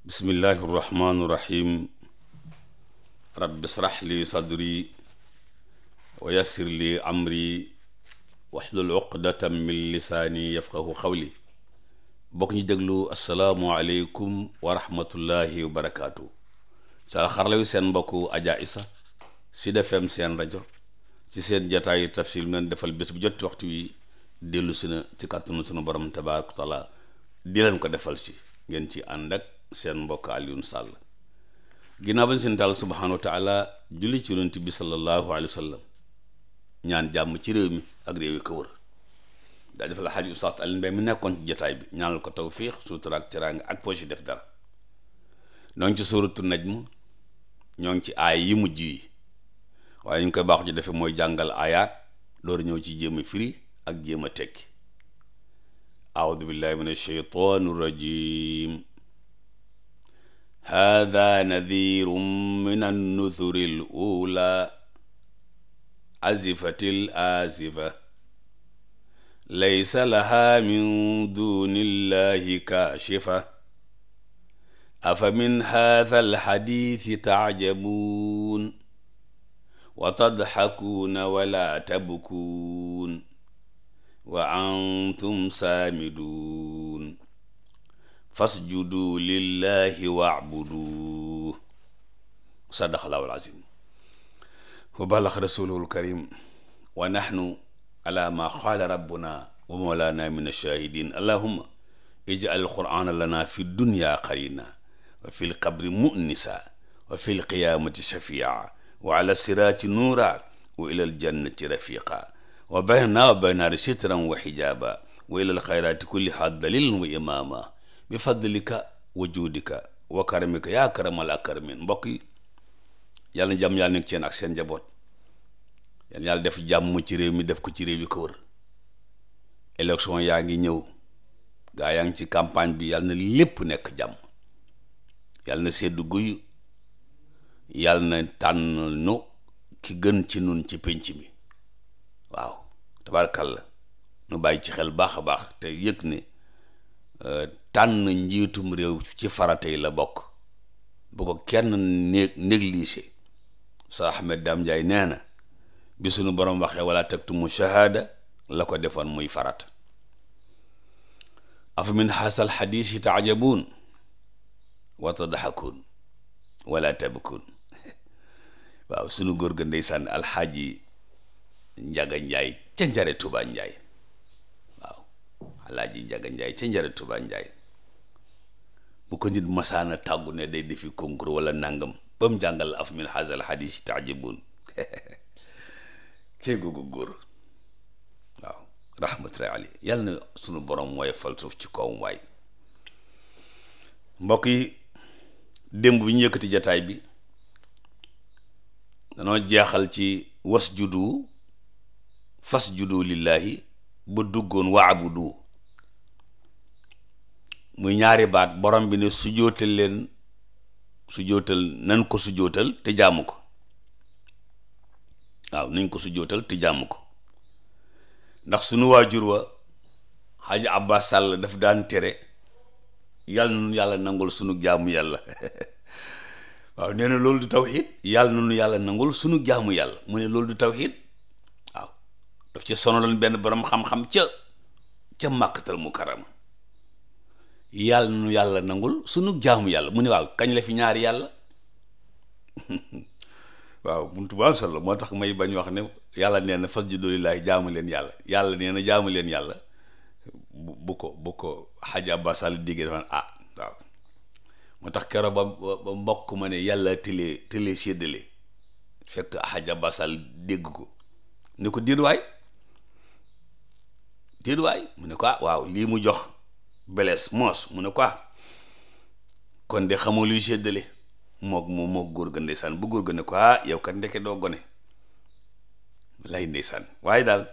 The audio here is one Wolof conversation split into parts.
bismillahi irrahmani irrahim rabbi israh li sadri wa yassir li amri waxlul uqdatan min lisaani yafqahu xawli bokk ñu déglu asalaamualeykum wa rahmatullahi wa barakaatu sa xarlawi seen mbokk Adja Isa Sud FM seen rajo ci seen jataayu tafsir men defal bés bu jot waxtu wi dellu si na ci kàttanu sunu borom tabaaraka taala di leen ko defal si ngeen ci ànd seen mbokk Alioune Sall ginnaaw bañ seen taal subhaanahu wa taala julli ci yonent bi sallallahu alayhi wa ñaan jàmm ci réew mi ak réew yi ko wër daa defal la xaaj Oustaz Alioune Mbaye mu nekkoon ci jotaay bi ñaanal ko tawfiix sutura ak teraanga ak poche def dara ñoo ngi ci suuratu najm ñoo ci aay yi mujj yi waaye ñu koy baaxu ci defe mooy jàngal aayaat loolu ñëw ci jéem a ak jéem a tekki aoudu billahi min haada nadirum min annuduri l ula azifatil azifa laysa laha min dunillahi kaashifa afa min haada alxadiisi taajabuun wa tadxakuuna wala tabkuun wa antum saamiduun fasjudu lillahi waabudu sadaqallahu alazim wa balax rasuluhu lkarim wa nahnu ala ma qaala rabbuna wa mawlana min alshahidin allahuma ij'al alqurana lana fi dunya qarina wa fi lqabri mu'nisa wa fi lqiyamati shafia wa ala sirati nuura wa ila aljannati rafiqa wa baynana wa bayna sitran wa xijaba wa ila alxayrati kulliha dalilun wa imama bi fadlika wa juudika wa karamika yaa karamal mbokk yi yàlla na jàmm yàlla nekk seen ak seen njaboot yàlla yàlla def jàmm ci réew mi def ko ci réew yi ko wër élection yaa ngi ñëw gaa yaa ngi ci campagne bi yàlla na lépp nekk jàmm yàlla na seddu guy yàlla na tànnal nu ki gën ci nun ci pénc mi waaw tabaarkàlla nu bàyyi ci xel baax a baax te yëg ne Euh, tànn njiitum réew ci farata la bokk bu ko kenn né négligé sa Ahmed Dame Ndiaye nee na bi sunu borom waxee wala taktumu shahaada la ko defoon muy farat afa min haasal xadiis yi taajabuun wa tadxakuun wala tabkuun waaw sunu góor ga ndeysaan alxaaji njaga njaay ca njare tubaa njaay alaaji njaga njaay ca njara tubaa njaay bu ko nit masaana tàggu ne day defi concours wala nangam ba mu jàngal af min hazal hadis taajibun kii googu góor waaw rahmatullahi ali yàlla na sunu borom mooy fal ci kaw waay yi démb bi ñu yëkkati jataay bi danoo jeexal ci was juddu fas juddu lillahi ba duggoon waabudu muy ñaari baat borom bi ne sujjóotal leen sujjóotal nan ko sujjóotal te jàmm ko waaw nañ ko sujjóotal te jàmm ko ndax sunu waajur wa xaaji Abbas Sall daf daan tere yàlla nunu yàlla nangul sunu jaamu yàlla waaw nee loolu du tawxiid yàlla nunu yàlla nangul sunu jaamu yàlla mu ne loolu du tawxiid waaw daf sono sonaloon benn borom xam-xam ca ca màkkatal mukarama yàlla nu yàlla nangul sunu jaamu yàlla mu ne waaw kañ la fi ñaari yàlla waaw bunt bu am solo moo tax may bañ wax ne yàlla nee na fas ju dolilaahi jaamu leen yàlla yàlla nee na jaamu leen yàlla bu ko bu ko xaj ah, moo tax keroog ba ba mbokk yàlla télé télé séddale dégg ko ni ko déet waay mu ne ko ah waaw lii mu jox belees moos mu ne ko kon de xamoo luy séddale mook moom mook góor ga ndeysaan bu góor ga ne ko ah yow kat ndeke doo gone lay ndeysaan waaye daal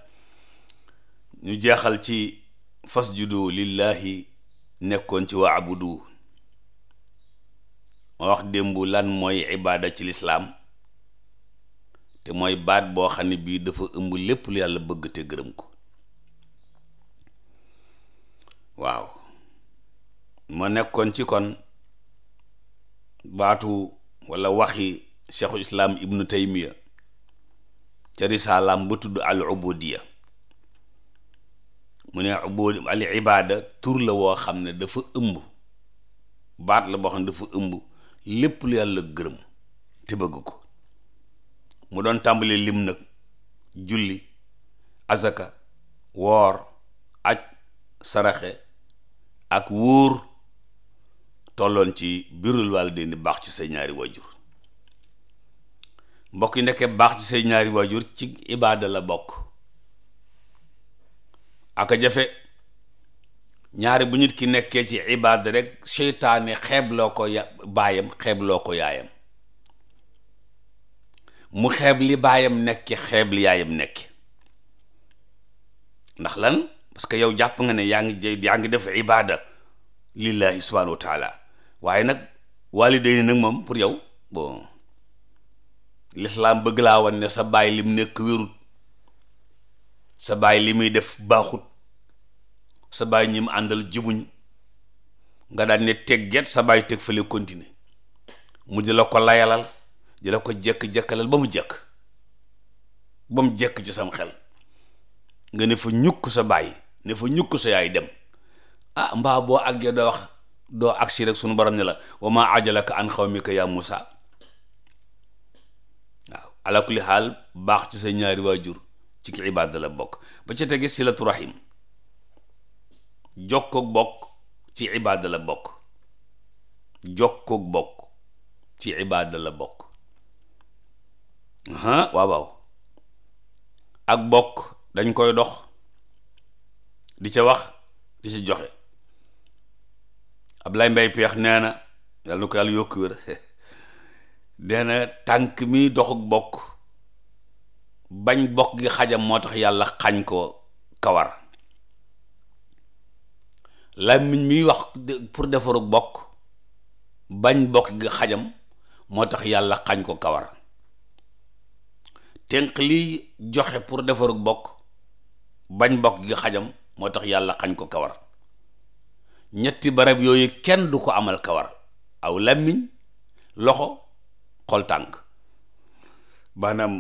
ñu jeexal ci fas fasjudu lillahi nekkoon ci wa abudu ma wax démb lan mooy ibaada ci lislaam te mooy baat boo xam ne bii dafa ëmb lépp lu yàlla bëgg te gërëm ko waaw ma nekkoon ci kon baatu walla waxi cheikhul islaam ibnu taymiya ca risaalaam ba tudd al ubudiya mu ne ubud al ibaada tur la woo xam ne dafa ëmb baat la boo xam ne dafa ëmb lépp lu yàlla gërëm te bëgg ko mu doon tàmbali lim nag julli azaka woor aj saraxe ak wóor tolloon ci birul waalidayni baax ci say ñaari waajur mbokk yi ndekkee baax ci say ñaari waajur ci ibaada la bokk aka jafe ñaari bu nit ki nekkee ci ibaada rek seytaane xeebloo ko ya baayam xeebloo ko yaayam mu xeeb li baayam nekk xeeb li yaayam nekk ndax lan parce que yow jàpp nga ne yaa ngi yaa ngi def ibaada lillahi subhanahu wa waaye nag waalidayni nag moom pour yow bon lislaam bëgg laa wan ne sa baay lim nekk wérut sa baay li muy def baaxut sa baay ñi àndal jibuñ nga daan ne teg get sa baay teg fële continuer mu di la ko layalal di la ko jekk-jekkalal ba mu jekk ba mu jekk ci sam xel nga ne fa ñukk sa baay ne fa ñukk sa yaay dem ah mbaa boo àggee da wax doo agsi rek sunu borom ne la wa ma ajalaka an xawmika yaa Musa waaw ala xaal baax ci sa ñaari waajur ci ki ibaada la bokk ba ca tege silatu rahim jokkoog bokk ci ibaada bokk jokkoog bokk ci ibaada la bokk waaw waaw ak bokk dañ koy dox di ca wax di ca joxe lay mbay Peex nee na yàlla na ko yàlla yokku wér nee tànk mi doxuk bokk bañ bokk gi xajam moo tax yàlla xañ ko kawar làmmiñ miy wax pour defaruk bokk bañ bokk gi xajam moo tax yàlla xañ ko kawar tënk liy joxe pour defaruk bokk bañ bokk gi xajam moo tax yàlla xañ ko kawar ñetti barab yooyu kenn du ko amal kawar aw làmmiñ loxo xol tànk maanaam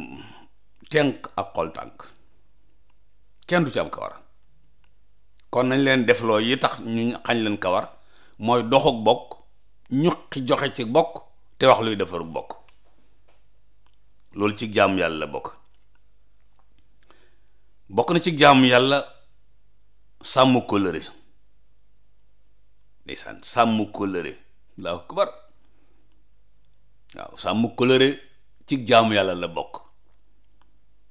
tenk ak xol tànk kenn du ci am kawar kon nañ leen defloo yi tax ñu xañ leen kawar mooy doxuk bokk ñuqi joxe ci bokk te wax luy defaru bokk loolu ci jaamu yàlla la bokk bokk na ci jaamu yàlla sàmm kóllëre ndeysaan sàmm kóllëre allahu akbar waaw sàmm kóllëre ci jaamu yàlla la bokk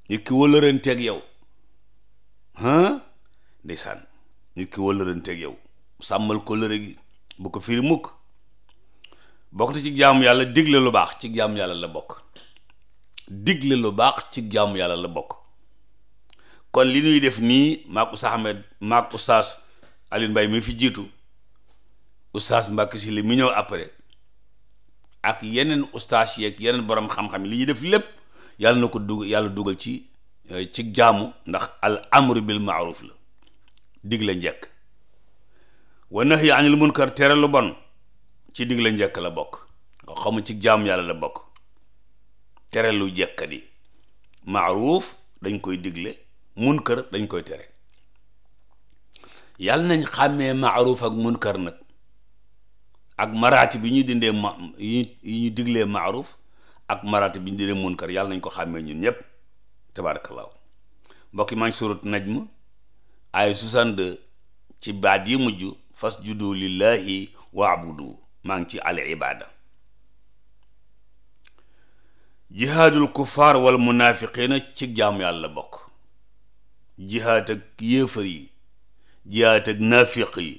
nit ki wëllëranteeg yow ah ndeysaan nit ki wëllëranteeg yow sàmmal kóllëre gi bu ko firi mukk bokk ci jaamu yàlla digle lu baax ci jaamu yàlla la bokk digle lu baax ci jaamu yàlla la bokk kon li ñuy def nii maak Oustaz Ahmed maak Oustaz Alioune Mbaye mi fi jiitu oustaz Mbàkke si li mi ñëw après ak yeneen oustaz yeeg yeneen borom xam-xam li ñuy def lépp yàlla na ko dug yàlla dugal ci euh, ci jaamu ndax al amru bil maaruf la digle njëkk wa nahyi anil munkar tere lu bon ci digle njëkk la bokk ci jaamu yàlla la bokk tere lu jëkk di dañ koy digle mun kër dañ koy tere yàlla nañ xàmmee maaruuf ak munkar nag ak maraati bi ñu dindee ma yi ñu diglee maaruf ak maraati bi ñu dindee munkar yàlla nañ ko xàmmee ñun ñépp tabaarakallaahu mbokki maa ngi surat najm ay 62 ci baat yi mujj fas juddu lillahi waabudu maa ngi ci al ibaada jihaadul kufaar wal munaafiqiina ci jaamu yàlla bokk jihaad ak yéefar yi jihaad ak naafiq yi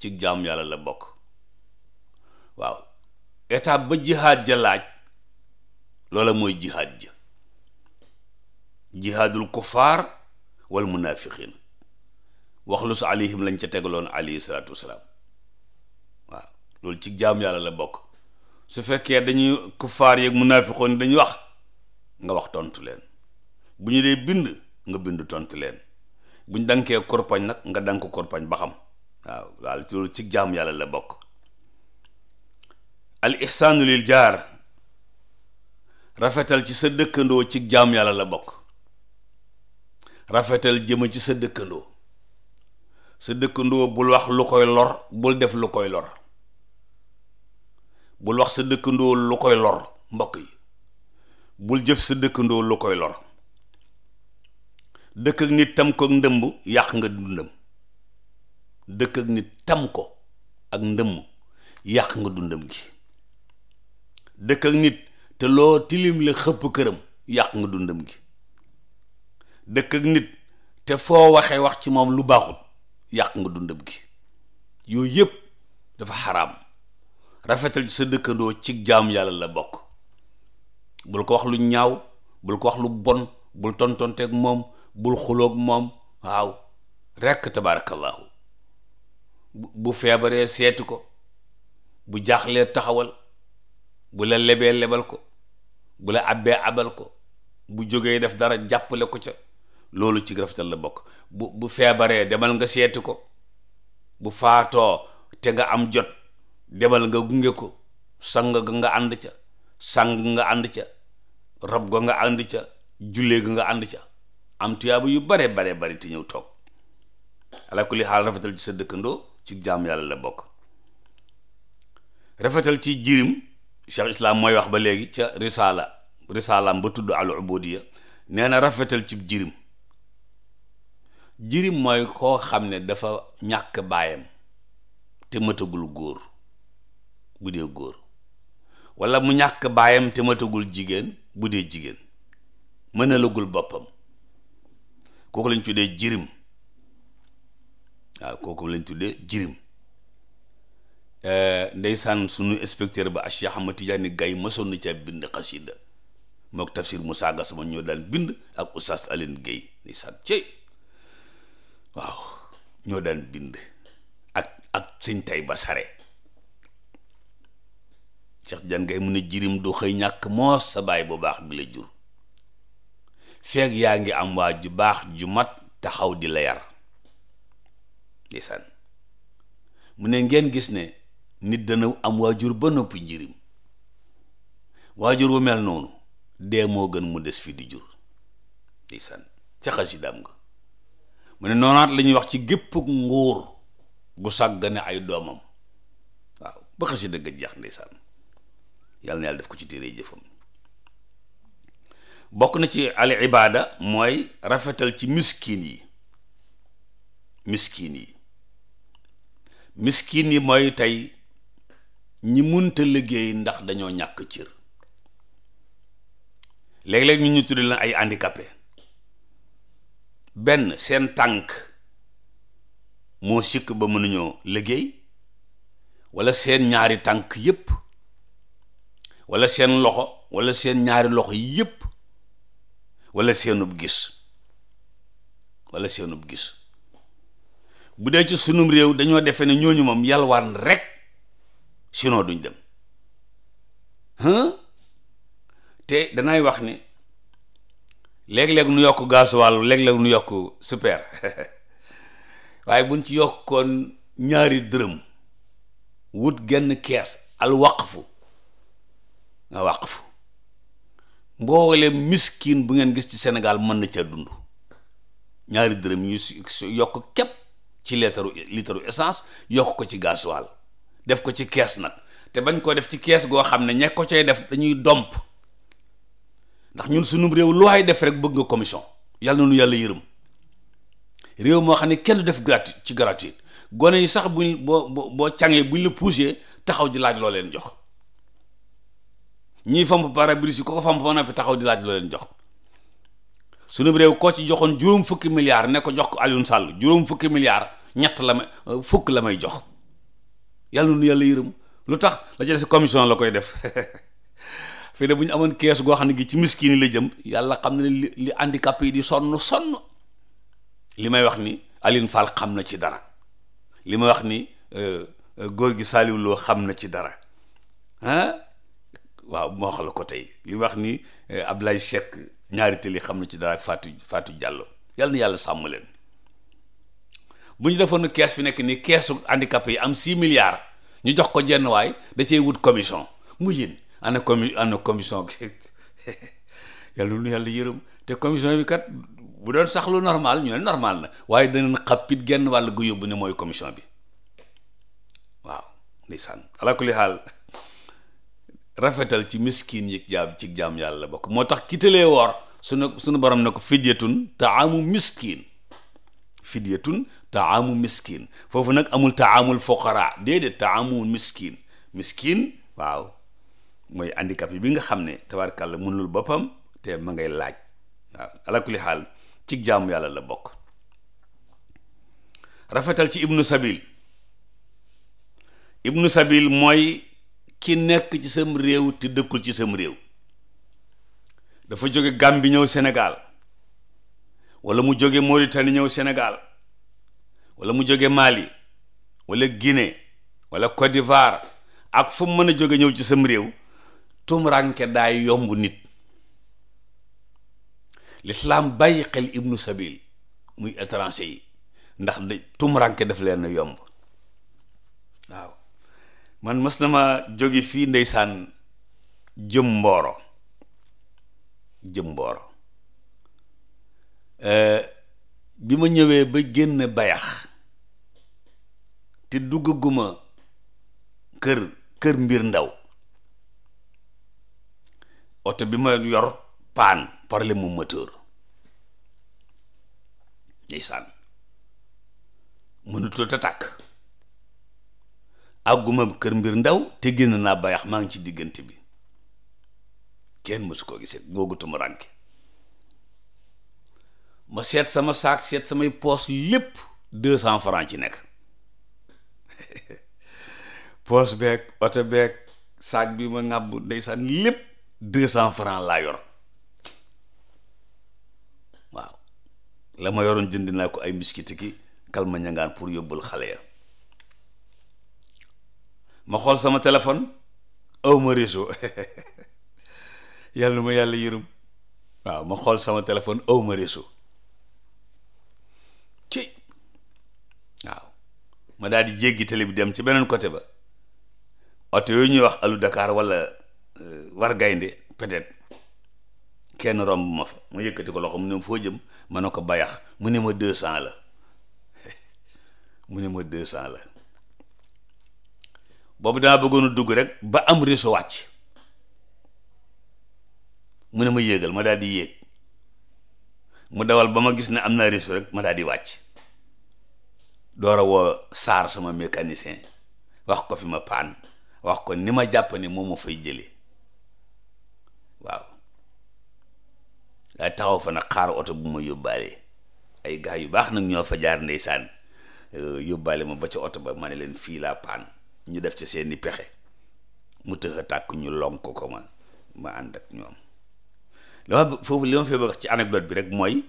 ci jaamu yàlla la bokk waaw étape ba jihaad ja laaj loola mooy jihaad ja jihaadul kufaar wal lu waxlus alayhim lañ ca tegaloon alayhi salaatu wasalaam waaw loolu ci jaam yàlla la bokk su fekkee dañuy kufaar yeeg munaafiqoon yi dañuy wax nga wax tontu leen bu ñu dee bind nga bind tontu leen bu ñu dankee korpañ nag nga dank korpañ ba xam waaw loolu ci jaam yàlla la bokk al ihsaanu lil jaar rafetal ci sa dëkkandoo ci jaam yàlla la bokk rafetal jëm ci sa dëkkandoo sa dëkkandoo bul wax lu koy lor bul def lu koy lor bul wax sa dëkkandoo lu koy lor mbokk yi bul jëf sa dëkkandoo lu koy lor dëkk ak nit tam ko ak ndëmb yàq nga dundam dëkk ak nit tam ko ak ndëmm yàq nga dundam gi dëkk nit te loo tilim le xëpp këram yàq nga dundam gi dëkk nit te foo waxee wax ci moom lu baaxut yàq nga dundam gi yooyu yëpp dafa xaram rafetal ci sa dëkkandoo ci jaam yàlla la bokk bul ko wax lu ñaaw bul ko wax lu bon bul tontonteeg moom bul xuloog moom waaw rekk tabaarakallaahu bu feebaree seeti ko bu jaaxlee taxawal bu la lebee lebal ko bu la abbee abal ko bu jógee def dara jàppale ko ca loolu ci rafetal la bokk bu bu feebaree demal nga seeti ko bu faatoo te nga am jot demal nga gunge ko sang ga nga ànd ca sang nga ànd ca rab ga nga ànd ca jullee ga nga ànd ca am tuyaaba yu bare bare bari te ñëw toog ala kulli xaal rafetal ci sa dëkkandoo ci jaam yàlla la bokk rafetal ci jirim Cheikh Islam mooy wax ba léegi ca risaala risaalam ba tudd al ubudiya nee na rafetal cib jirim jirim mooy koo xam ne dafa ñàkk baayam te matagul góor bu dee góor walla mu ñàkk baayam te matagul jigéen bu dee jigéen mën mënalagul boppam kooku lañ tuddee jirim waaw kooku lañ tuddee jirim Euh, ndeysaan sunu inspecteur ba Cheikh Ahmad Tidiane Gaye mësoon na ca bind xasida mook tafsir Moussa Gassama ñoo bind ak Oustaz Aline Guèye ñoo daan bind ak ak sëñ tay ba sare Cheikh Tidiane gay mu ne jirim du xëy ñàkk moos sa baay bu baax bi la jur feeg yaa ngi am waa ju baax ju te xaw di la yar ndeysaan mu ne ngeen gis ne nit dana am waajur ba noppi njirim waajur wu mel noonu dee moo gën mu des fii di jur ndeysaan ca xasidaam nga mu ne noonaat la ñuy wax ci gépp nguur gu sàggane ay doomam waaw ba xasida ga jeex ndeysaan yàlla na yàlla def ko ci téere jëfam bokk na ci al ibaada mooy rafetal ci miskin yi miskin yi miskin yi mooy tey ñi munta liggéey ndax dañoo ñàkk cër léeg-léeg ñu ñu tudde leen ay handicapé benn seen tànk moo sikk ba mënuñoo liggéey wala seen ñaari tànk yépp wala seen loxo walla seen ñaari loxo yépp wala seenub gis wala seenub gis bu dee ci sunum réew dañoo defe ne ñooñu moom yalwaan rek sinon duñ dem te danay wax ni léeg-léeg nu yokk gasoil léeg-léeg nu yokk super waaye buñ ci yokkoon ñaari dërëm wut genn kees al waqfu nga waqfu mboole miskin bu ngeen gis ci Sénégal mën na ca dund ñaari dërëm ñu yokk képp ci litre litre essence yokk ko ci gasoil def ko ci kees nag te bañ koo def ci kees goo xam ne ña ko cee def dañuy domp ndax ñun sunum réew lu ay def rek bëgg nga commission yàlla na nu yàlla yërëm réew moo xam ne kenn du def gratuit ci gratuit gone yi sax buñ boo boo cangee buñ la poussé taxaw di laaj loo leen jox ñiy famp pare-brise yi ko ko famp ba noppi taxaw di laaj loo leen jox sunu réew koo ci joxoon juróom fukki milliards ne ko jox ko Alioune Sall juróom fukki milliards ñett la may fukk la may jox yàlla nu yàlla yërëm lu tax la ca des commission la koy def fii de bu ñu amoon kees goo xam ne gi ci miskin yi la jëm yàlla xam ne li li handicapé yi di sonn sonn li may wax ni Aline Fall xam na ci dara li may wax ni euh, euh, góor gi Saliou Lo xam na ci dara ah waaw moo wax la ko tey li may wax ni euh, ab lay Cheikh ñaari tëli xam na ci dara Fatou faatu Diallo yàlla na yàlla sàmm leen. bu ñu defoon kees bi nekk nii keesu handicapé yi am sii milliards ñu jox ko jenn waay da cey wut commission mu yéen ana commu ana commission yàlla lu yàlla yërëm te commission bi kat bu doon saxlu lu normal ñu ne normal na waaye danañ xappit genn wàll gu yóbbu ne mooy commission bi waaw ndeysaan ala kulli xaal rafetal ci miskin yi jaam ci jaam yàlla bokk moo tax ki tëlee woor sunu sunu borom ne ko fidyatun taamu miskin fidyatun taamu miskin foofu nag amul taamul foqara déedéet taamu miskin miskin waaw mooy handicap yi bi nga xam ne tabaarkàlla mënul boppam te ma ngay laaj waaw ala kulli xaal ci jaamu yàlla la bokk rafetal ci ibnu sabil ibnu sabil mooy ki nekk ci sam réew te dëkkul ci sam réew dafa jóge Gàmbi ñëw Sénégal wala mu jóge Mauritanie ñëw Sénégal wala mu jóge Mali walla Guinée wala Côte d'Ivoire ak fu mu mën a jóge ñëw ci sam réew tumranke daay yomb nit lislaam bàyyi xel ibnu sabil muy étranger yi ndax da daf leen yomb waaw man mas na ma jóge fii ndeysaan jëm mbooro jëm mbooro Euh, bi ma ñëwee ba génn bayax te duggaguma kër kër mbir ndaw oto bi ma yor paan parle mu moteur ndeysaan mënutut a tàkk àgguma kër mbir ndaw te génn naa bayax maa ngi ci diggante bi kenn mësu ko gisee googu tumurànke ma seet sama saak seet samay poos lépp deux cent francs ci nekk poos beeg oto beek saak bi ma ŋàbb ndeysaan lépp deux cent francs laa yor waaw la ma yoroon jënd naa ko ay miskiti ki kalma ñangaan pour yóbbul xale ya ma xool sama téléphone aw ma réseau yàlla ma yàlla yërëm waaw ma xool sama téléphone aw ma ma daal di jéggi tali bi dem ci beneen côté ba oto yooyu ñuy wax allu dakaar wala euh, war gaynde peut-être kenn romb ma fa ma yëkkati ko loxo mu ne foo jëm ma ne ko bayax mu ne ma deux cent la mu ne ma deux la boobu damaa bëggoon a dugg rek ba am réseau wàcc mu ne ma yéegal ma daal di yéeg mu dawal ba ma gis ne am naa réseau rek ma daal di wàcc door woo saar sama mécanicien wax ko fi ma paan wax ko ni ma jàpp ne moom ma fay jëlee waaw daay taxaw fa nag xaar oto bu ma yóbbaale ay gaa yu baax nag ñoo fa jaar ndeysaan euh, yóbbaale ma ba ca oto ba ma ne leen fii laa paan ñu def ci seeni pexe mu tëx tàkk ñu lonk ko man ma ànd ak ñoom li ma li ma fee bëgg ci anecdote bi rek mooy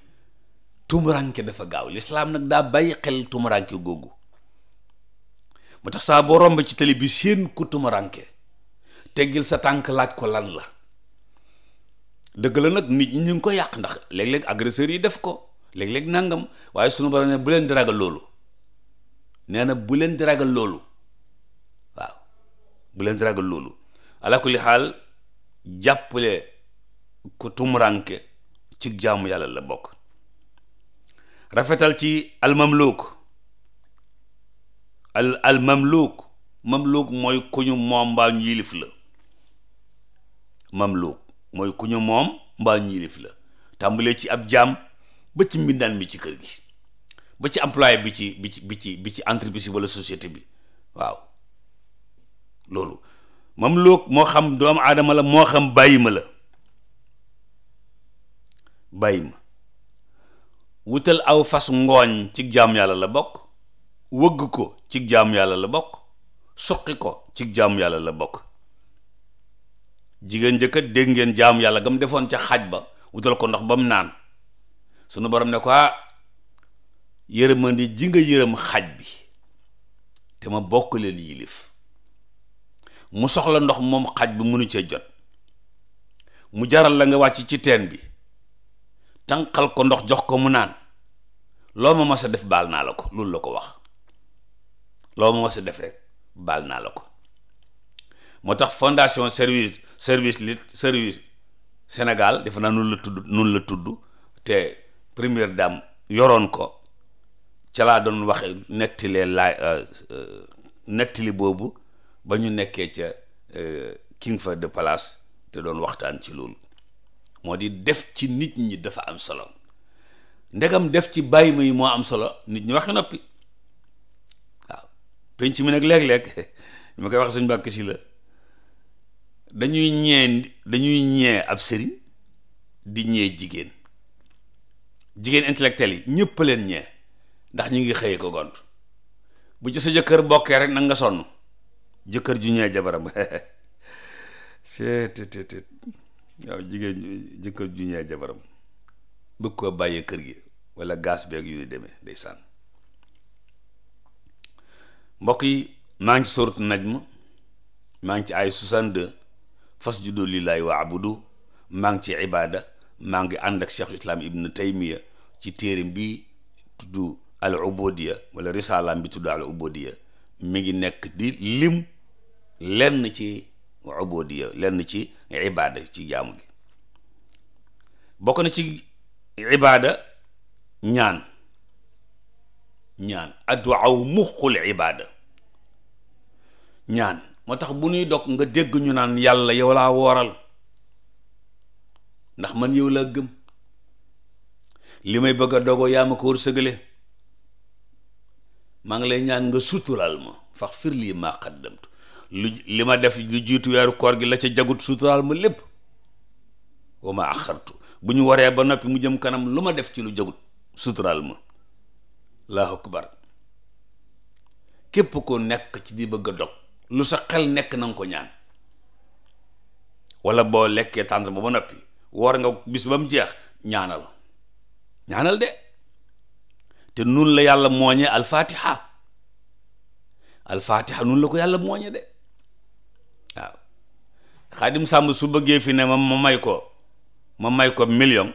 tumuranke dafa gaaw lislaam nag daa bàyyi xel tumuranke googu moo tax saa boo romb ci tali bi séen ku tumuranke teggil sa tànk laaj ko lan la dëgg la nag nit ñi ñu ngi ko yàq ndax léeg-léeg agresseurs yi def ko léeg-léeg nangam waaye sunu borom ne bu leen di ragal loolu nee na bu leen di ragal loolu waaw bu leen di ragal loolu ala kulli xaal jàppale ku tumuranke ci jaamu yàlla la bokk rafetal ci almamluuk al almamluuk mamluuk mooy ku ñu moom mbaa ñu yilif la mamluuk mooy ku moom mbaa ñu la tàmbalee ci ab jaam bët ci mbindaan bi ci kër gi ba ci employé bi ci bi ci bi ci entreprise société bi waaw loolu mamluuk moo xam doomu aadama la moo xam bàyyi ma la bàyyi ma wutal aw fas ngooñ ci jaam yàlla la bokk wëgg ko ci jaam yàlla la bokk suqi ko ci jaam yàlla la bokk jigéen jëkkat dégg ngeen jaam yàlla gam defoon ca xaj ba wutal ko ndox ba mu naan sunu borom ne ko ah yërëmandi ji nga yërëm xaj bi te ma bokk leen yilif mu soxla ndox moom xaj bi mënu ca jot mu jaral la nga wàcc ci teen bi tànqal ko ndox jox ko mu naan loo ma mose def baal naa la ko loolu la ko wax loo ma mas a def rek baal naa la ko moo tax fondation service service lit service Sénégal defe naa nun la tudd nun la tudd te première dame yoroon ko ca laa doon waxe nettalee laay euh, euh, nettali boobu ba ñu nekkee ca euh, King de Palace te doon waxtaan ci loolu moo di def ci nit ñi dafa am solo ndegam def ci bàyyi ma yi moo am solo nit wax waxi noppi waaw penc mi nag léeg-léeg ñu ma koy wax suñ mbàkk si la dañuy ñee dañuy ñee ab sëriñ di ñee jigéen jigéen intellectuel yi ñëpp leen ñee ndax ñu ngi xëyee ko gont bu ci sa jëkkër bokkee rek nag nga sonn jëkkër ju ñee jabaram seet jigéen jëkkër ju ñee jabaram bëgg ko bàyyee kër gi wala gaz beeg yu ni demee day sànn mbokk yi maa ngi ci sorat najm maa ngi ci ay 62 fasjudu lillahi waa abudu maa ngi ci ibaada maa ngi ànd ak cheikhul islam ibnu taymiya ci téerim bi tudd al ubudiya wala risalaam bi tudd al ubudiya mi ngi nekk di lim lenn ci ubudiya lenn ci ibaada ci jaamu gi bokk na ci ibaada ñaan ñaan adduaw muxul ibaada ñaan moo tax bu nuy dog nga dégg ñu naan yàlla yow laa wooral ndax man yow laa gëm li may bëgg a dogo yaa ma ko wërsëgale maa ngi lay ñaan nga suturaal ma fax fir maa xaddamtu li ma def lu jiitu weeru koor gi la ca jagut suturaal ma lépp wa ma axartu bu ñu waree ba noppi mu jëm kanam lu ma def ci lu jagut suturaal ma laahu akbar képp ko nekk ci di bëgg a dog lu sa xel nekk na nga ko ñaan wala boo lekkee tànn ba ba noppi woor nga bis ba mu jeex ñaanal ñaanal de te nun la yàlla mooñe alfatiha alfatiha nun la ko yàlla mooñe de waaw xaadim sàmb su bëggee fi ne ma ma may ko ma may ko million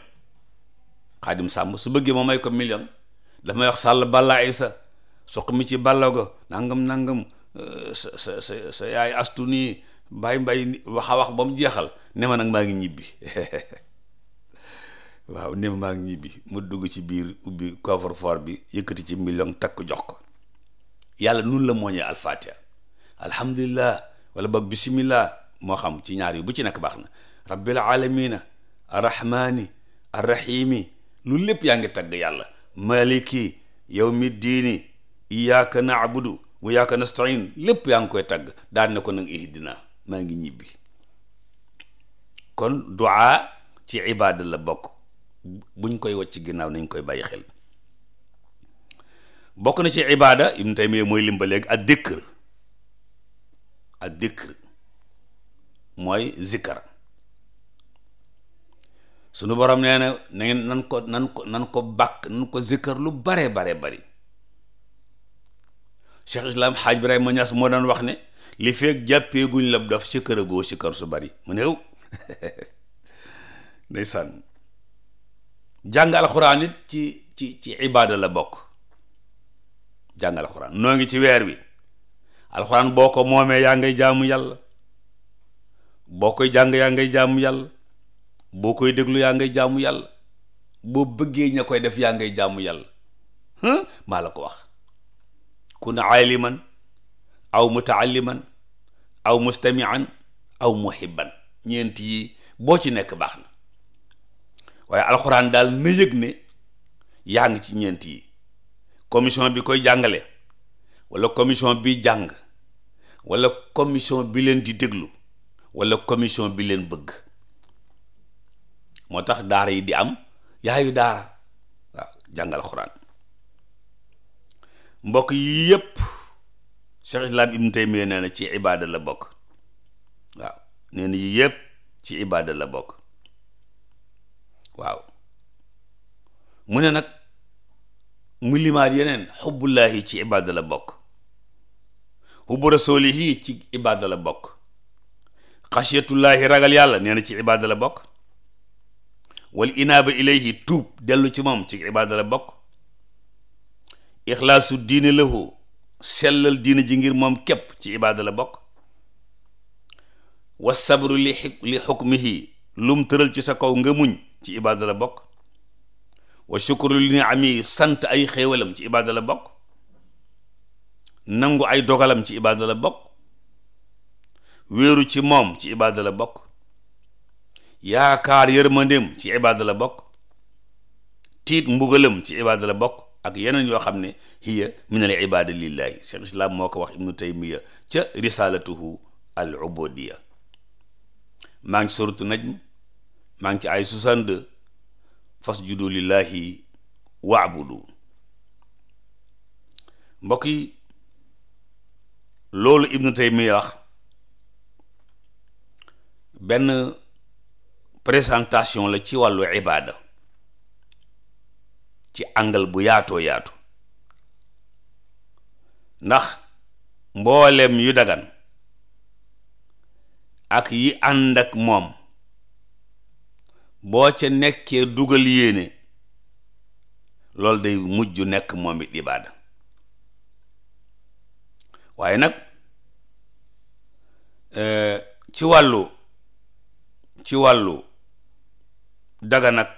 xaadim sàmm su bëggee ma may ko million damay wax sàll balla ay sa mi ci balla go nangam nangam euh, sa sa sa yaay astu nii mbay mbay wax a jeexal ne ma nag maa ngi ñibbi waaw ne maa ngi ñibbi mu dugg ci biir ubbi coffre-fort bi yëkkati ci million takk jox ko yàlla nun la mooñee alfatiha alhamdulillah wala ba bismillah moo xam ci ñaar yi bu ci nekk baax na rabbil alamina arrahmaani arrahimi lu lépp yaa ngi tagg yàlla maliki yawmi diini iyaaka naabudu wa iyaaka nastain lépp yaa ngi koy tagg daa ne ko nag ihdina maa ngi ñibbi kon duaa ci ibaada la bokk buñ koy wacc ginnaaw nañ koy bàyyi xel bokk na ci ibaada ibnu taymiya mooy limba léegi ak dëkkër ak mooy zikkar sunu borom nee na na ngeen nan ko nan ko nan ko bàkk nan ko zikkar lu bare bare bari Cheikh bi Haaj Ibrahima Ñas moo daan wax ne li feeg jàppee guñ la daf ci kër goo ci kër su bari mu néew ndeysaan jàng alxuraan it ci ci ci ibaada la bokk jàng alxuraan noo ngi ci weer wi alxuraan boo ko moomee yaa ngay jaamu yàlla boo koy jàng yaa ngay jaamu yàlla boo koy déglu yaa ngay jaamu yàlla boo bëggee ña koy def yaa ngay jaamu yàlla maa la ko wax kun aaliman aw mutaalliman aw mustamian aw muhibban ñeent yi boo ci nekk baax na waaye alxuraan daal na yëg ne yaa ngi ci ñeent yi commission bi koy jàngale wala commission bi jàng walla commission bi leen di déglu wala commission bi leen bëgg moo tax daara yi di am yaayu daara waaw jàngal xuraan mbokk yi yëpp Cheikh Islam Ibn Taymiya nee na ci ibaada la bokk waaw nee na yii yëpp ci ibaada la bokk waaw mu ne nag mu limaat yeneen xubbullaahi ci ibaada la bokk xubbu ci ibaada la bokk xasiyatullaahi ragal yàlla nee na ci ibaada la bokk wal inaaba ilayhi tuub dellu ci moom ci ibaada la bokk ixlaasu diine lahu sellal diine ji ngir moom képp ci ibaada la bokk wa sabru li li xukmihi lum ci sa kaw nga ci ibaada la bokk wa shukru li niami sant ay xéewalam ci ibaada la bokk nangu ay dogalam ci ibaada la bokk wéeru ci moom ci ibaada la bokk yaakaar yërmandeem ci ibaada la bokk tiit mbugalam ci ibaada la bokk ak yeneen yoo xam ne hiya min al ibaada lillahi cheikh islam moo ko wax ibnu taymiya ca risalatuhu al ubudiya maa ngi suratu najm maa ngi ci ay 62 fasjudu lillahi waabudu mbokk yi loolu ibnu taymiya wax benn présentation la ci wàllu ibaada ci angle bu yaatoo yaatu ndax mboolem yu dagan ak yi ànd moom boo ca nekkee dugal yéene loolu day mujj nekk moom it ibaada waaye nag euh, ci wàllu ci wàllu dagan nag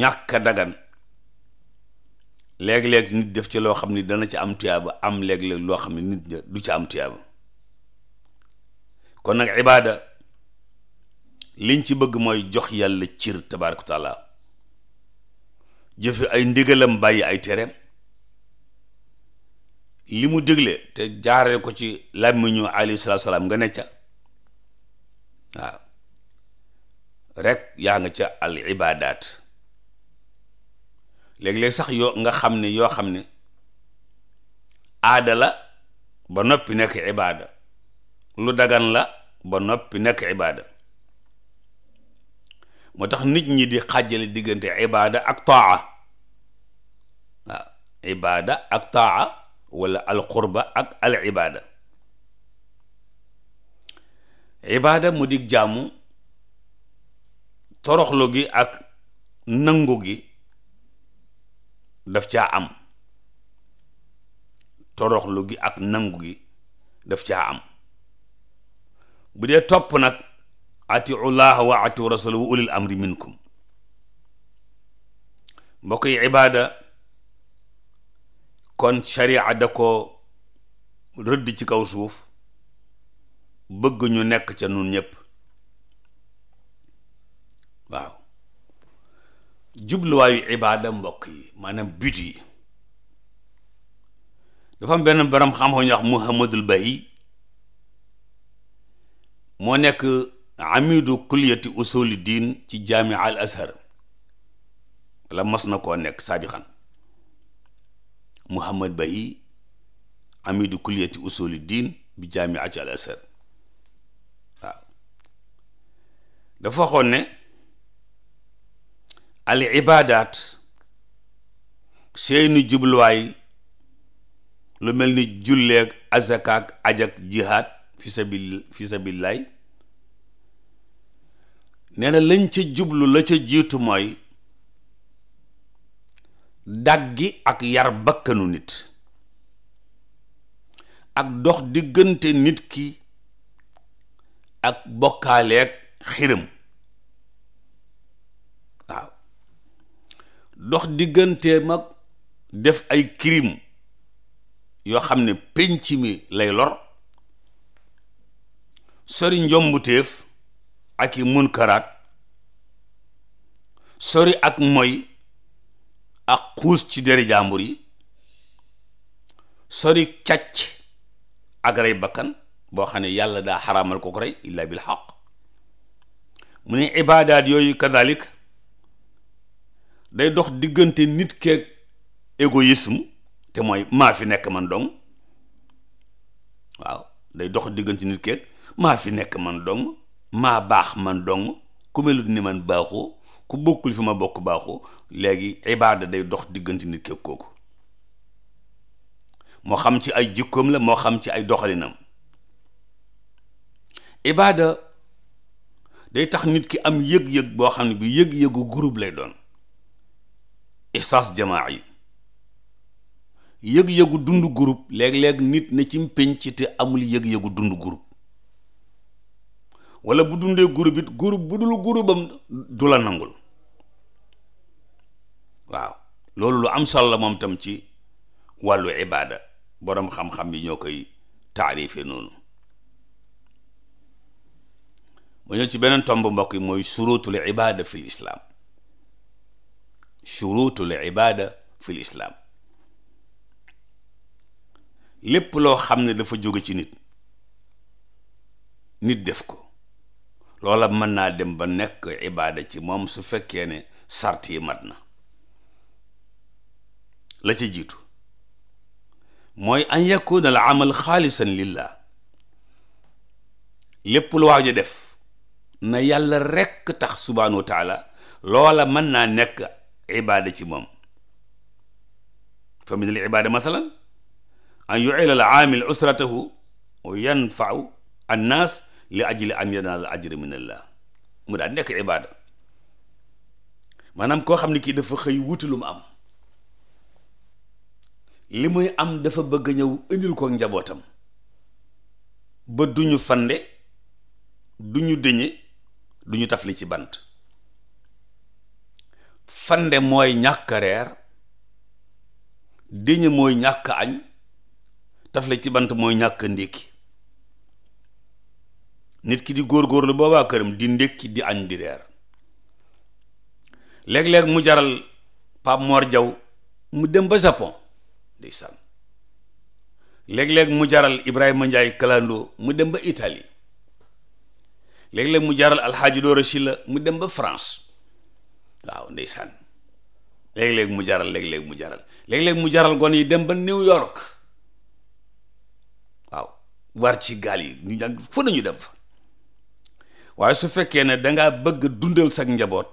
ñàkk a dagan léeg-léeg nit def ci loo xam ni dana ci am tuyaaba am léeg-léeg loo xam ne nit du ci am tuyaaba kon nag ibaada liñ ci bëgg mooy jox yàlla cir tabaaraka taala jëfe ay ndigalam bàyyi ay tereem li mu digle te jaaree ko ci làmmiñu alayhi salaatu salaam nga ne ca waaw rekk yaa nga ca al ibaadaat léeg-léeg sax yoo nga xam ne yoo xam ne aada la ba noppi nekk ibaada lu dagan la ba noppi nekk ibaada moo tax nit ñi di xàjjale diggante ibaada ak taa waaw ibaada ak taa wala al qurba ak al ibaada ibaada mu di jaamu toroxlu gi ak nangu gi daf caa am toroxlu gi ak nangu gi daf ca am bu dee topp nag atiu llaha wa atiu rasulahu wa ulil amri minkum mbokk yi ibaada kon sharia da ko rëdd ci kaw suuf bëgg ñu nekk ca nun ñépp jubluwaayu ibaada mbokk yi maanaam but yi dafa am benn borom xam-xam ñu Muhammadul Bahi moo nekk amidu kulliyati usuli diin ci jaamia al azhar wala mas na koo nekk saabixan Muhammad Bahi amidu kulliyati usuli diin bi jaamia ci al waaw dafa waxoon al ibaadaat seeni jubluwaay lu mel ni julleeg azakaak ajak jihaad fi sabil lañ ca jublu la ca jiitu mooy daggi ak yar bakkanu nit ak dox diggante nit ki ak bokkaaleeg xiram dox digganteem ak def ay kirim yoo xam ne penc mi lay lor sori njombuteef ak i munkaraat sori ak moy ak xuus ci deri jàmbur yi sori càcc ak rey bakkan boo xam ne yàlla daa xaramal ko ko rey illaa bil xaq mu ne ibaadaat yooyu kadalik day dox diggante nit keeg égoïsme te mooy maa fi nekk man dong waaw day dox diggante nit keeg maa fi nekk man dong maa baax man dong ku melut ni man baaxoo ku bokkul fi ma bokk baaxoo léegi ibaada day dox diggante nit keeg kooku moo xam ci ay jikkoom la moo xam ci ay doxalinam ibaada day tax nit ki am yëg-yëg boo xam ne bi yëg-yëgu groupe lay doon ihsaas jamaa yi yëg-yëgu dund groupe léeg-léeg nit ne ci pénc te amul yëg-yëgu dund groupe wala bu dundee groupe it bu dul groupam du la nangul waaw loolu lu am solo la moom tam ci wàllu ibaada boroom xam-xam yi ñoo koy taarife noonu ba ñëw ci benn tomb mbokk yi mooy surutul ibaada fil islaam shurutul ibada fil islaam lépp loo xam ne dafa jóge ci nit nit def ko loola mën naa dem ba nekk ibaada ci moom su fekkee ne sart yi mat na la ci jiitu mooy an yakuna al amal xaalisan lillah lépp lu waaw def na yàlla rekk tax subaanu wa taala loola mën naa nekk ibaada ci moom fa min al ibaada masalan an yu'ila al aamil usratahu wa yanfa'u li ajli an yanaala ajra min allah mu daal nekk ibaada maanaam koo xam ne kii dafa xëy wuti lu mu am li muy am dafa bëgg ñëw indil ko njabootam ba duñu fande duñu dëñe duñu tafli ci bant fande mooy ñàkk reer diñe mooy ñàkk añ tafle ci bant mooy ñàkk ndékki nit ki di góor ba waa këram di ndékki di añ di reer léeg-léeg mu jaral Pape Mor Diaw mu dem ba Japon ndeysaan léeg mu jaral Ibrahima Ndiaye kalandoo mu dem ba itali léeg-léeg mu jaral Alxaaji Doora Sylla mu dem ba France waaw ndeysaan léeg-léeg mu jaral léeg-léeg mu jaral léeg-léeg mu jaral gone yi dem ba New York waaw war ci gaal yi ñu fu nañu dem fa waaye su fekkee ne danga bëgg dundal sag njaboot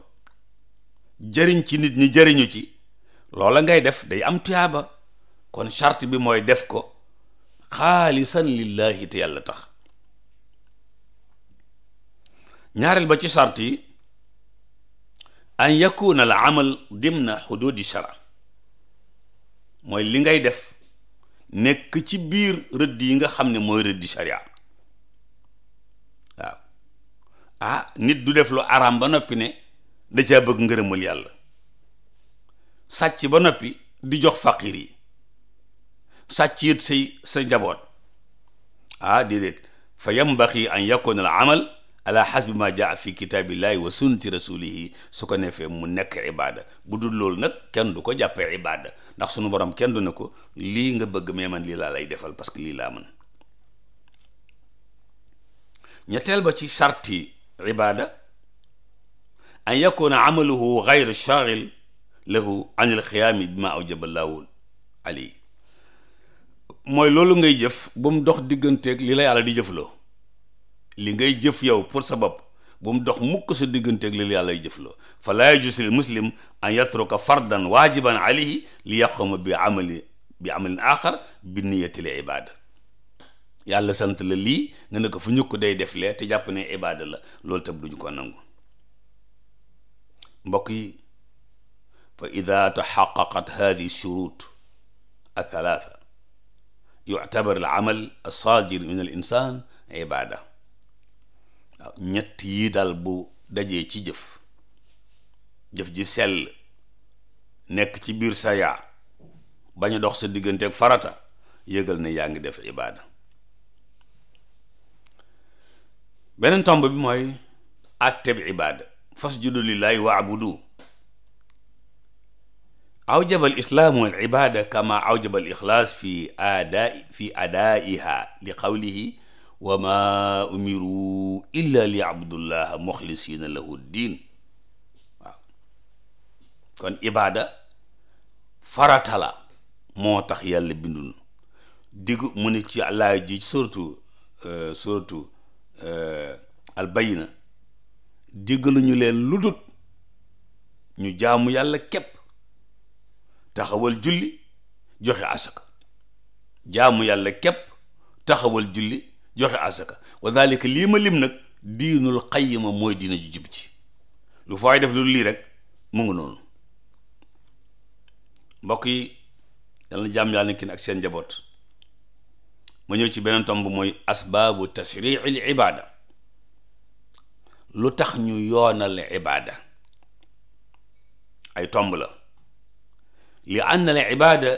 jëriñ ci nit ñi jariñu ci loola ngay def day am tuyaaba kon charte bi mooy def ko xaalisan lillaahi te yàlla tax ñaareel ba ci charte yi an yakuna al amal dimna xududi shara mooy li ngay def nekk ci biir rëdd yi nga xam ne mooy rëddi sharia waaw ah nit du def lu araam ba noppi ne da ca bëgg ngërëmal yàlla sàcc ba noppi di jox faqir yi sàcc it say sa njaboot ah déedéet fa yambaxi an yakuna al amal ala xasbi ma jaa fi kitaabillahi wa sunnati rasulihi su ko nefee mu nekk ibaada bu dul loolu nag kenn du ko jàppee ibaada ndax sunu borom kenn du ne ko lii nga bëgg mais man lii laa lay defal parce que lii laa mën ñetteel ba ci sarti ibaada an yakuna amaluhu gayru shaaxil lahu an alxiyaami bi ma awjaba llahu alayhi mooy loolu ngay jëf bu mu dox digganteeg li la yàlla di jëfloo li ngay jëf yow pour sa bopp bu mu dox mukk sa digganteeg li yàlla jëf la fa laa yajuuzu lil muslim an yatruka fardan waajiban alayhi li yaquma bi amali bi amalin axar bi niyati li ibaada sant la lii nga ne ko fu ñu day def lee te jàpp ne ibaada la loolu tam duñu ko nangu mbokk yi fa ida taxaqaqat hadi shurut althalatha yuctabar al amal alsadir min al insan ibada ñett yii dal bu dajee ci jëf jëf ji sell nekk ci biir sa yaa bañ dox sa diggante ak farata yëgal ne yaa ngi def ibaada beneen tomb bi mooy atteb ibaada fasjudu lillahi waabudu awjaba al islaamu al ibaada kama awjaba al ixlaas fi adaa fi adaiha li qawlihi wa ma umiru illa li abdullaha muxlisina lahu diin waaw kon ibaada farata moo tax yàlla bindunu digg mu ne ci laay ji surtout surtout euh, euh, albayna lañu leen lu dut ñu jaamu yàlla képp taxawal julli joxe asaka jaamu yàlla képp taxawal julli joxe asaka wa dalika lii ma lim nag diinul qayyima mooy diina ju jub ci lu fay def lu lii rek mu noonu mbokk yi yàlla na jàmm yàlla na kin ak seen njaboot ma ñëw ci beneen tomb mooy asbaabu tashriil ibaada lu tax ñu yoonal ibaada ay tomb la li anna al ibaada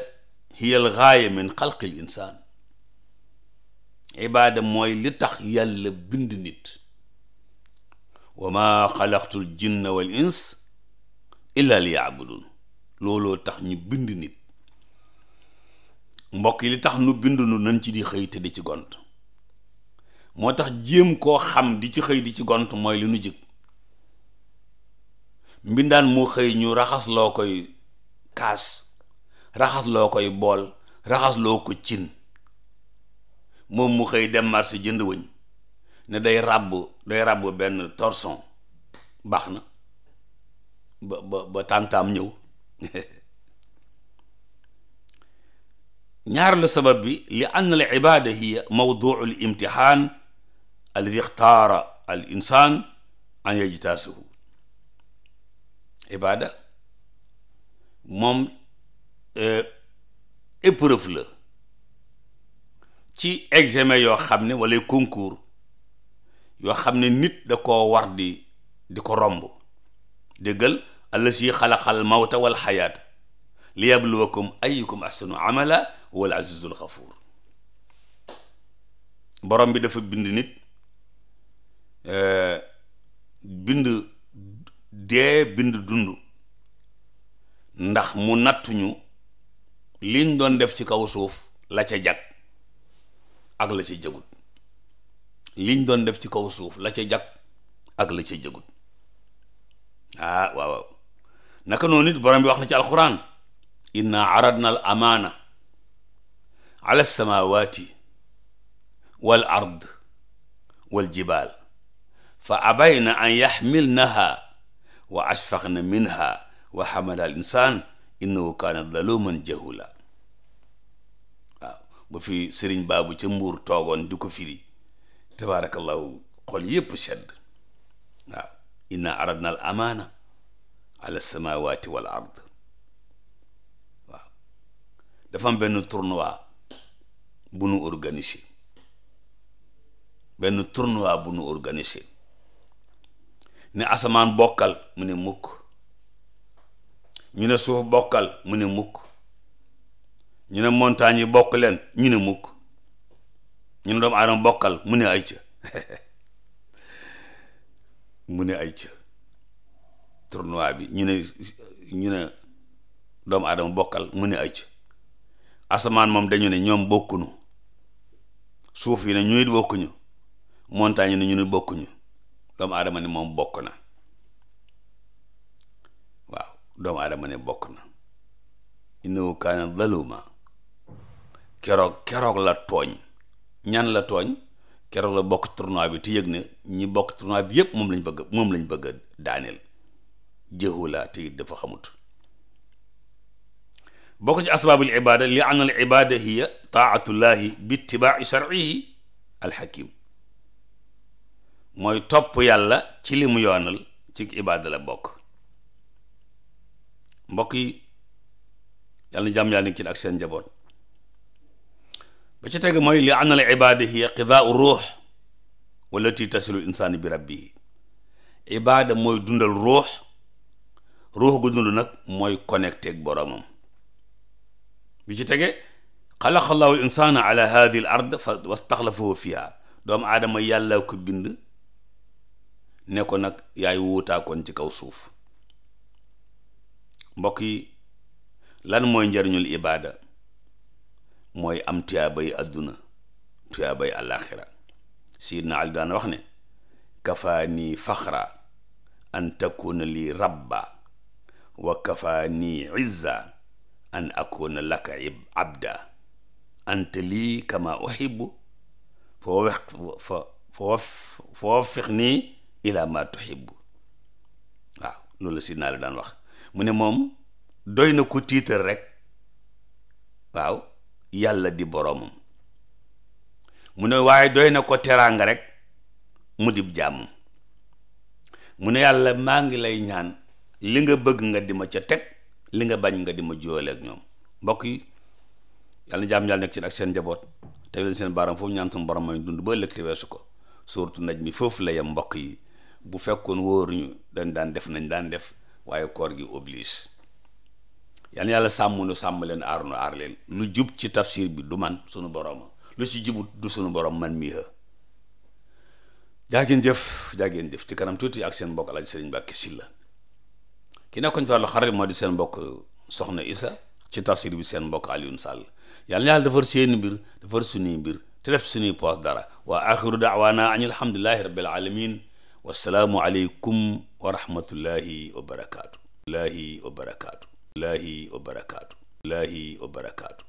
hiya al gaaya min xalqi al insaan ibaada mooy li tax yàlla bind nit wa ma xalaqtul jinna wal ins illa li yaabudun looloo tax ñu bind nit mbokk yi li tax nu bind nu nañ ci di xëy te di ci gont moo tax jéem koo xam di ci xëy di ci gont mooy li nu jig mbindaan mu xëy ñu raxas loo koy kaas raxas loo koy bool raxas loo ko cin moom mu xëy dem marché jënd wëñ ne day ràbb day ràbb benn torson baax na ba ba ba ñëw ñaar la sabab bi li ann al ibaada hiya mawduu al imtixaan alladi ixtaara al insaan an yajtaasuhu ibaada moom euh, épreuve la ci examen yoo xam ne walla concours yoo xam ne nit da koo war di di ko romb déggal alla si xalaqal mawta wal xayaata li yabluwakum ayukum ahsanu amala wal azizul xafuur borom bi dafa bind nit euh, bind dee bind dund ndax mu nattuñu liñ doon def ci kaw suuf la ca jag ak la ca jëgut liñ doon def ci kaw suuf la ca jag ak la ca jëgut ah waaw waaw naka noonu it borom wax na ci alquran inna aradna amaana ala samawati wal ard wal jibaal fa abayna an yaxmilnaha wa minha wa xamala al kaana zaluman jahula ba fi sëriñ baabu ca mbuur toogoon di ko firi tabaarakallahu xol yépp sedd waaw inna aradna al amaana ala samawati wal ard waaw benn tournoi bu nu organisé benn tournoi bu nu organisé ne asamaan bokkal mu ne mukk ñu ne suuf bokkal mu ne mukk ñu ne montagne yi bokk leen ñu ne mukk ñu ne doomu aadama bokkal mu ne ay ca mu ne ay ca tournoi bi ñu ne ñu ne doomu aadama bokkal mu ne ay ca asamaan moom dañu ne ñoom bokkuñu suuf yi ne ñuy bokkuñu montagne yi ne ñu ne bokkuñu doomu aadama ne moom bokk na waaw doomu aadama ne bokk na innahu kaana zaluma keroog keroog la tooñ ñan la tooñ keroog la bokk tournoi bi te yëg ne ñi bokk tournoi bi yëpp moom lañ bëgg moom lañ bëgg a daaneel jëhu la te dafa xamut bokk ci asbaabul ibaada li anna al ibaada hiya taatullahi bi mooy topp yàlla ci li mu la bokk mbokk yi yàlla na jàmm yàlla nekk ci ak seen njaboot ba ca teg mooy li anna li ibaadihi qidaau ruux wallati tasilu insaani bi rabbihi ibaada mooy dundal ruux ruux gu dund nag mooy connecté ak boromam bi ci tege xalaqa allahu al insaana ala hadihi ard fa fiha doomu aadama yàlla ko bind ne nag yaay wuutaakoon ci kaw suuf mbokk yi lan mooy njariñul ibaada mooy am tuyaabay àdduna tuyaabay àllaaxira sidna ali daan wax ne kafaa nii faxra an takuna lii rabba wa kafaa nii izza an akuna laka abda anta lii kama uhibbu fa wafiq nii ila ma tuhibbu waaw loolu la sidna ali daan wax mu ne moom doy na ko tiitar rek waaw yàlla di boroomam mu ne waaye doy na ko teraanga rek mu dib jàmm mu ne yàlla maa ngi lay ñaan li nga bëgg nga di ma ca teg li nga bañ nga di ma jóole ñoom mbokk yi yàlla na jàmm yàlla nekk ci ak seen njaboot teg leen seen baaram foofu ñaan sama borom may dund ba ëllëg te weesu ko surtout naj mi foofu la yem mbokk yi bu fekkoon wóoruñu dañ daan def nañ daan def waaye koor gi oblige yal na yàlla sàmm nu sàmm leen aar nu aar leen lu jub ci tafsir bi du man sunu borom lu ci jubut du sunu borom man mii ha jaageen jëf jaageen jëf ci kanam tuuti ak seen mbokk Alaaji Sëriñ Mbàkke Sylla ki nekkoon ci wàllu xarit mbokk soxna Isa ci tafsir bi seen mbokk Alioune Sall yal na yàlla defar seen mbir defar suñuy mbir te def suñuy poos dara wa axiru daawaana an alhamdulillahi rabbil alamin wassalaamu aleykum wa rahmatullahi wa barakaatu. laahi wa barakaatu laahi wa barakaatu